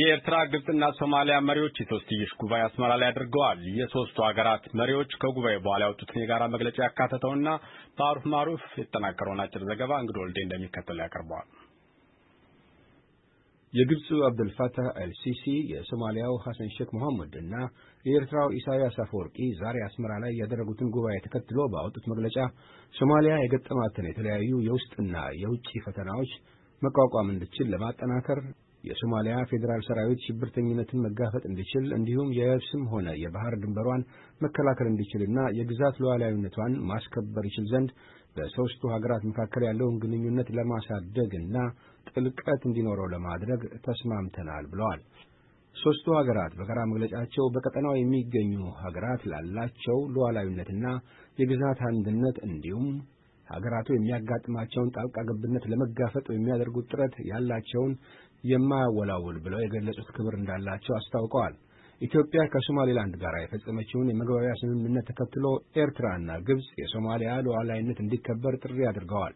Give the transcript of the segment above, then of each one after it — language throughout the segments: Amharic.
የኤርትራ ግብፅና ሶማሊያ መሪዎች የሶስትዮሽ ጉባኤ አስመራ ላይ አድርገዋል። የሶስቱ ሀገራት መሪዎች ከጉባኤ በኋላ ያወጡትን የጋራ መግለጫ ያካተተውና በአሩፍ ማሩፍ የተጠናቀረውን አጭር ዘገባ እንግዶ ወልዴ እንደሚከተሉ ያቀርበዋል። የግብፁ አብደልፋታህ አልሲሲ የሶማሊያው ሐሰን ሼክ መሐመድ እና የኤርትራው ኢሳያስ አፈወርቂ ዛሬ አስመራ ላይ ያደረጉትን ጉባኤ ተከትሎ ባወጡት መግለጫ ሶማሊያ የገጠማትን የተለያዩ የውስጥና የውጭ ፈተናዎች መቋቋም እንድችል ለማጠናከር የሶማሊያ ፌዴራል ሰራዊት ሽብርተኝነትን መጋፈጥ እንዲችል እንዲሁም የየብስም ሆነ የባህር ድንበሯን መከላከል እንዲችልና የግዛት ሉዓላዊነቷን ማስከበር ይችል ዘንድ በሦስቱ ሀገራት መካከል ያለውን ግንኙነት ለማሳደግ እና ጥልቀት እንዲኖረው ለማድረግ ተስማምተናል ብለዋል። ሦስቱ ሀገራት በጋራ መግለጫቸው በቀጠናው የሚገኙ ሀገራት ላላቸው ሉዓላዊነትና የግዛት አንድነት እንዲሁም ሀገራቱ የሚያጋጥማቸውን ጣልቃ ገብነት ለመጋፈጥ የሚያደርጉት ጥረት ያላቸውን የማያወላውል ብለው የገለጹት ክብር እንዳላቸው አስታውቀዋል። ኢትዮጵያ ከሶማሌላንድ ጋር የፈጸመችውን የመግባቢያ ስምምነት ተከትሎ ኤርትራና ግብፅ የሶማሊያ ሉዓላዊነት እንዲከበር ጥሪ አድርገዋል።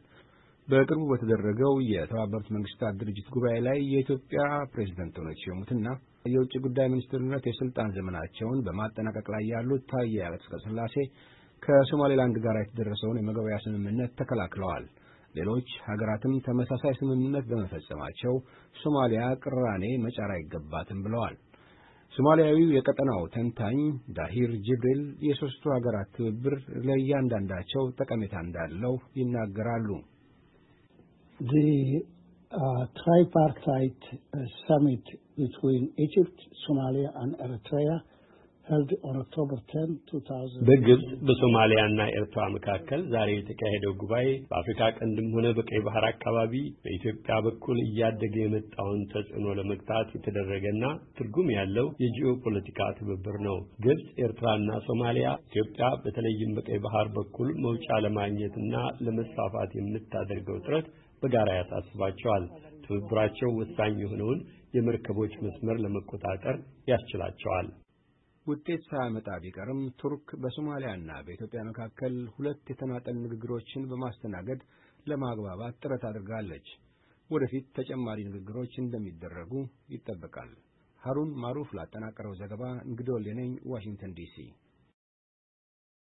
በቅርቡ በተደረገው የተባበሩት መንግስታት ድርጅት ጉባኤ ላይ የኢትዮጵያ ፕሬዝደንት ሆነው የተሾሙትና የውጭ ጉዳይ ሚኒስትርነት የስልጣን ዘመናቸውን በማጠናቀቅ ላይ ያሉት ታዬ አጽቀሥላሴ ከሶማሌላንድ ጋር የተደረሰውን የመግባቢያ ስምምነት ተከላክለዋል። ሌሎች ሀገራትም ተመሳሳይ ስምምነት በመፈጸማቸው ሶማሊያ ቅራኔ መጫር አይገባትም ብለዋል። ሶማሊያዊው የቀጠናው ተንታኝ ዳሂር ጅብሪል የሦስቱ ሀገራት ትብብር ለእያንዳንዳቸው ጠቀሜታ እንዳለው ይናገራሉ። ትራይፓርታይት ሰሚት ቢትዊን ኢጅፕት ሶማሊያ አንድ ኤርትራያ በግብጽ በሶማሊያና ኤርትራ መካከል ዛሬ የተካሄደው ጉባኤ በአፍሪካ ቀንድም ሆነ በቀይ ባህር አካባቢ በኢትዮጵያ በኩል እያደገ የመጣውን ተጽዕኖ ለመግታት የተደረገና ትርጉም ያለው የጂኦ ፖለቲካ ትብብር ነው። ግብጽ፣ ኤርትራና ሶማሊያ ኢትዮጵያ በተለይም በቀይ ባህር በኩል መውጫ ለማግኘትና ለመስፋፋት የምታደርገው ጥረት በጋራ ያሳስባቸዋል። ትብብራቸው ወሳኝ የሆነውን የመርከቦች መስመር ለመቆጣጠር ያስችላቸዋል። ውጤት ሳያመጣ ቢቀርም ቱርክ በሶማሊያና በኢትዮጵያ መካከል ሁለት የተናጠል ንግግሮችን በማስተናገድ ለማግባባት ጥረት አድርጋለች። ወደፊት ተጨማሪ ንግግሮች እንደሚደረጉ ይጠበቃል። ሀሩን ማሩፍ ላጠናቀረው ዘገባ እንግዶ ሌነኝ ዋሽንግተን ዲሲ